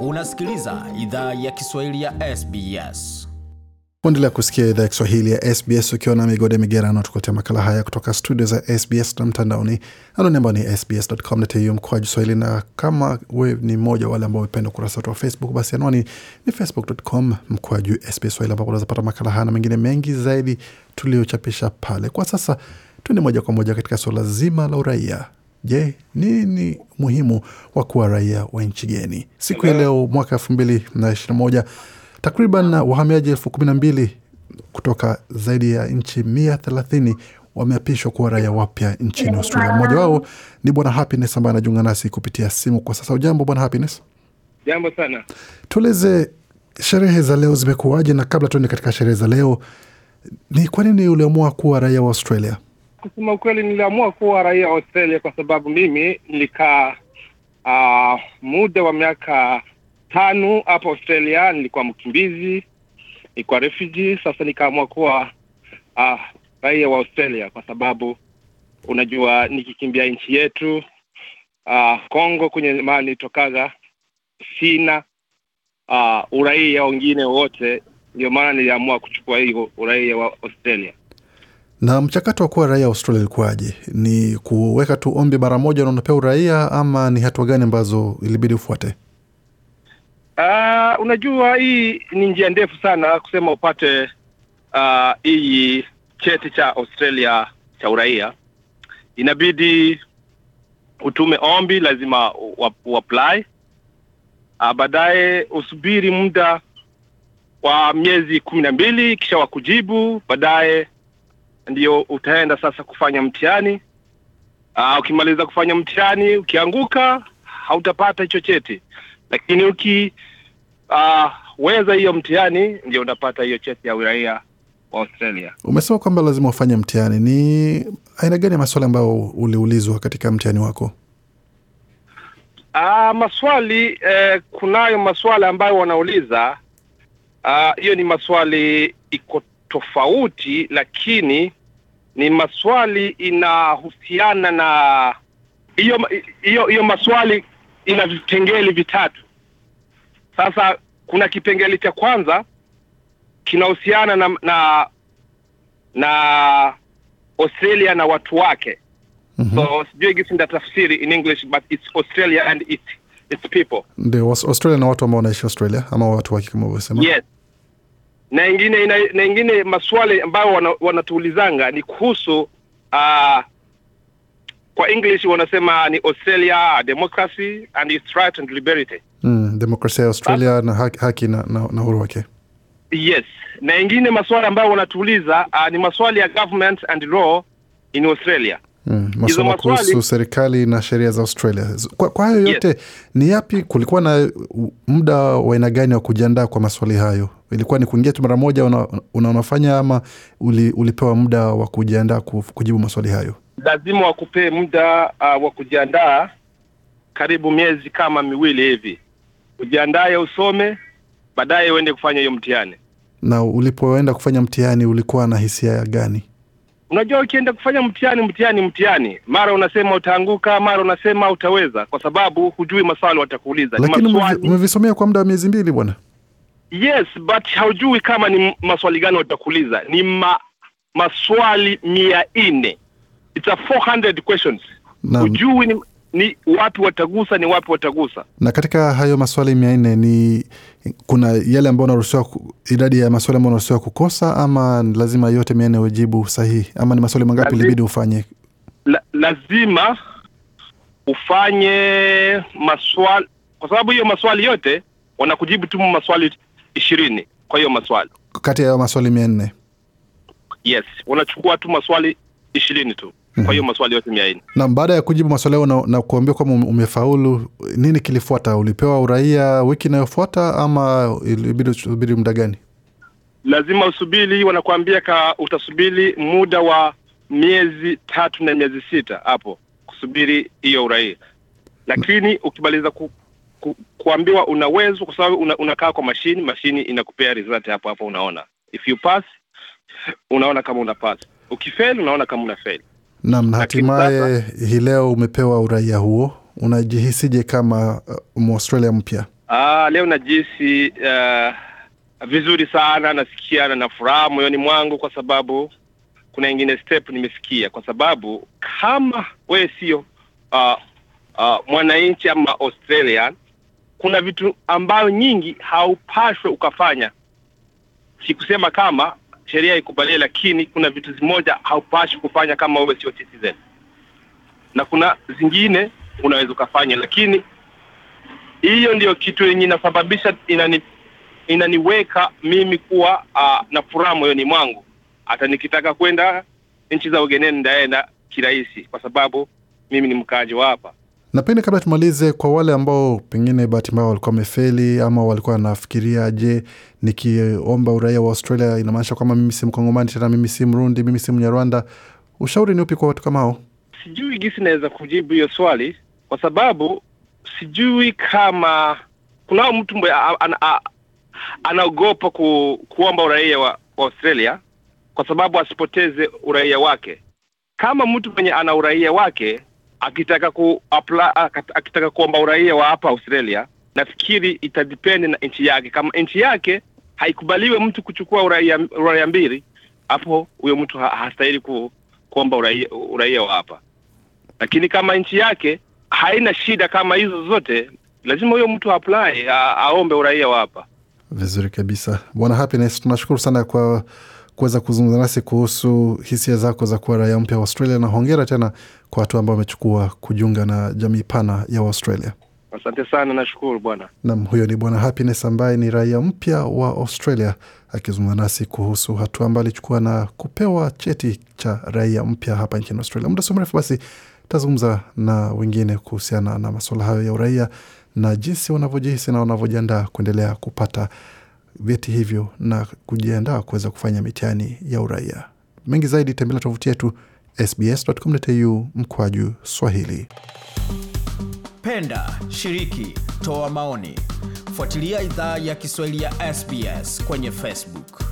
Unasikiliza idhaa ya Kiswahili ya SBS. Kuendelea kusikia idhaa ya Kiswahili ya SBS ukiwa na migode migerano, tukuletea makala haya kutoka studio za SBS na mtandaoni, anwani ambao ni sbs.com.au mkoaji swahili. Na kama we ni mmoja wale ambao wamependa ukurasa wetu wa Facebook, basi anwani ni facebook.com mkoaji SBS swahili, ambapo unaweza pata makala haya na mengine mengi zaidi tuliochapisha pale. Kwa sasa tuende moja kwa moja katika suala zima la uraia Je, nini muhimu wa kuwa raia wa nchi geni? Siku ya leo mwaka elfu mbili na ishirini na moja takriban wahamiaji elfu kumi na mbili kutoka zaidi ya nchi mia thelathini wameapishwa kuwa raia wapya nchini Australia. Mmoja wao ni Bwana Happiness ambaye anajiunga nasi kupitia simu kwa sasa. Ujambo Bwana Happiness? Jambo sana. Tueleze sherehe za leo zimekuwaje, na kabla tuende katika sherehe za leo, ni kwa nini uliamua kuwa raia wa Australia? Kusema ukweli, niliamua kuwa raia wa Australia kwa sababu mimi nilikaa uh, muda wa miaka tano hapa Australia. Nilikuwa mkimbizi, nilikuwa refugee. Sasa nikaamua kuwa uh, raia wa Australia kwa sababu unajua, nikikimbia nchi yetu ah, congo uh, kwenye maa nilitokaga sina uh, uraia wengine wote, ndio maana niliamua kuchukua hiyo uraia wa Australia. Na mchakato wa kuwa raia wa Australia ilikuwaje? Ni kuweka tu ombi mara moja na unapewa uraia ama ni hatua gani ambazo ilibidi ufuate? Uh, unajua hii ni njia ndefu sana kusema upate ah, hii uh, cheti cha Australia cha uraia. Inabidi utume ombi, lazima uapply uh, ah, baadaye usubiri muda wa miezi kumi na mbili kisha wakujibu, baadaye ndio utaenda sasa kufanya mtihani. Aa, ah, ukimaliza kufanya mtihani ukianguka hautapata hicho cheti, lakini ukiweza ah, hiyo mtihani ndio unapata hiyo cheti ya uraia wa Australia. Umesema kwamba lazima ufanye mtihani. Ni aina gani ya maswali ambayo uliulizwa katika mtihani wako? Aa, ah, maswali eh, kunayo maswali ambayo wanauliza hiyo ni maswali iko tofauti, lakini ni maswali inahusiana na hiyo hiyo hiyo, maswali ina vipengele vitatu. Sasa kuna kipengele cha kwanza kinahusiana na, na na Australia na watu wake mm -hmm. So sijui gisi ndatafsiri in English but it's Australia and it's, its people. Ndio, Australia na watu ambao wanaishi Australia ama watu wake kama ulivyosema. Yes na ingine ina, na ingine maswali ambayo wana, wanatuulizanga ni kuhusu uh, kwa English wanasema ni Australia democracy and its right and liberty mm, democracy ya Australia But, na haki, haki na, na, na uhuru wake yes na ingine maswali ambayo wanatuuliza uh, ni maswali ya government and law in Australia Mm, maswala kuhusu serikali na sheria za Australia. Kwa, kwa hayo yote yes, ni yapi, kulikuwa na muda wa aina gani wa kujiandaa kwa maswali hayo? Ilikuwa ni kuingia tu mara moja una, una ama uli, ulipewa muda wa kujiandaa kujibu maswali hayo? Lazima wakupee muda uh, wa kujiandaa karibu miezi kama miwili hivi, ujiandae usome, baadaye uende kufanya hiyo mtihani. Na ulipoenda kufanya mtihani ulikuwa na hisia gani? Unajua, ukienda kufanya mtihani mtihani mtihani, mara unasema utaanguka, mara unasema utaweza, kwa sababu hujui maswali watakuuliza. Lakini umevisomea kwa muda wa miezi mbili bwana. Yes, but haujui kama ni maswali gani watakuuliza. Ni ma, maswali mia nne, it's a 400 questions. Hujui ni ni wapi watagusa, ni wapi watagusa. Na katika hayo maswali mia nne ni kuna yale ambayo unaruhusiwa, idadi ya maswali ambayo unaruhusiwa kukosa, ama lazima yote mia nne ujibu sahihi, ama ni maswali mangapi ilibidi ufanye? La, lazima ufanye maswali, kwa sababu hiyo maswali yote wanakujibu tu maswali ishirini. Kwa hiyo maswali kati ya hayo maswali mia nne yes, wanachukua tu maswali ishirini tu. Mhm. Kwa hiyo maswali yote mia nne. Na baada ya kujibu maswali hayo na, na kuambia kwamba umefaulu, nini kilifuata? Ulipewa uraia wiki inayofuata ama ilibidi usubiri muda gani? Lazima usubiri, wanakuambia ka utasubiri muda wa miezi tatu na miezi sita hapo kusubiri hiyo uraia, lakini ukimaliza ku, ku, kuambiwa una kwa sababu una, unakaa kwa mashini, mashini inakupea result hapo hapo, unaona if you pass unaona kama una pass, ukifeli unaona kama una Nam, na hatimaye hii leo umepewa uraia huo, unajihisije kama uh, Mwaustralia mpya? Ah, leo najihisi uh, vizuri sana, nasikia na furaha moyoni mwangu kwa sababu kuna ingine step nimesikia, kwa sababu kama wewe sio uh, uh, mwananchi ama Australia, kuna vitu ambayo nyingi haupashwe ukafanya. Sikusema kama sheria ikubalie, lakini kuna vitu zimoja haupashi kufanya kama wewe sio citizen, na kuna zingine unaweza ukafanya, lakini hiyo ndiyo kitu yenye inasababisha inani, inaniweka mimi kuwa uh, na furaha moyoni mwangu. Hata nikitaka kwenda nchi za ugeneni ndaenda kirahisi, kwa sababu mimi ni mkaaji wa hapa. Na pengine kabla tumalize, kwa wale ambao pengine bahati mbaya walikuwa wamefeli ama walikuwa wanafikiria, je, nikiomba uraia wa Australia inamaanisha kwamba mimi si mkongomani tena, mimi si mrundi, mimi si mnyarwanda, ushauri ni upi kwa watu kama hao? Sijui gisi naweza kujibu hiyo swali kwa sababu sijui kama kunao mtu anaogopa ku, kuomba uraia wa, wa Australia kwa sababu asipoteze uraia wake. Kama mtu mwenye ana uraia wake akitaka ku apply, akitaka kuomba uraia wa hapa Australia, nafikiri itadepend na nchi yake. Kama nchi yake haikubaliwe mtu kuchukua uraia, uraia mbili, hapo huyo mtu hastahili ku, kuomba uraia, uraia wa hapa. Lakini kama nchi yake haina shida kama hizo zote, lazima huyo mtu apply aombe uraia wa hapa. Vizuri kabisa, Bwana Happiness, tunashukuru sana kwa kuweza kuzungumza nasi kuhusu hisia zako za kuwa raia mpya wa Australia, na hongera tena kwa watu ambao wamechukua kujiunga na jamii pana ya Waustralia. Asante sana, nashukuru bwana. Nam, huyo ni Bwana Happiness ambaye ni raia mpya wa Australia akizungumza nasi kuhusu hatua ambayo alichukua na kupewa cheti cha raia mpya hapa nchini Australia. Muda si mrefu basi tazungumza na wengine kuhusiana na masuala hayo ya uraia na jinsi wanavyojihisi na wanavyojiandaa kuendelea kupata vyeti hivyo na kujiandaa kuweza kufanya mitihani ya uraia. Mengi zaidi, tembelea tovuti yetu sbs.com.au mkwaju Swahili. Penda, shiriki, toa maoni, fuatilia idhaa ya Kiswahili ya SBS kwenye Facebook.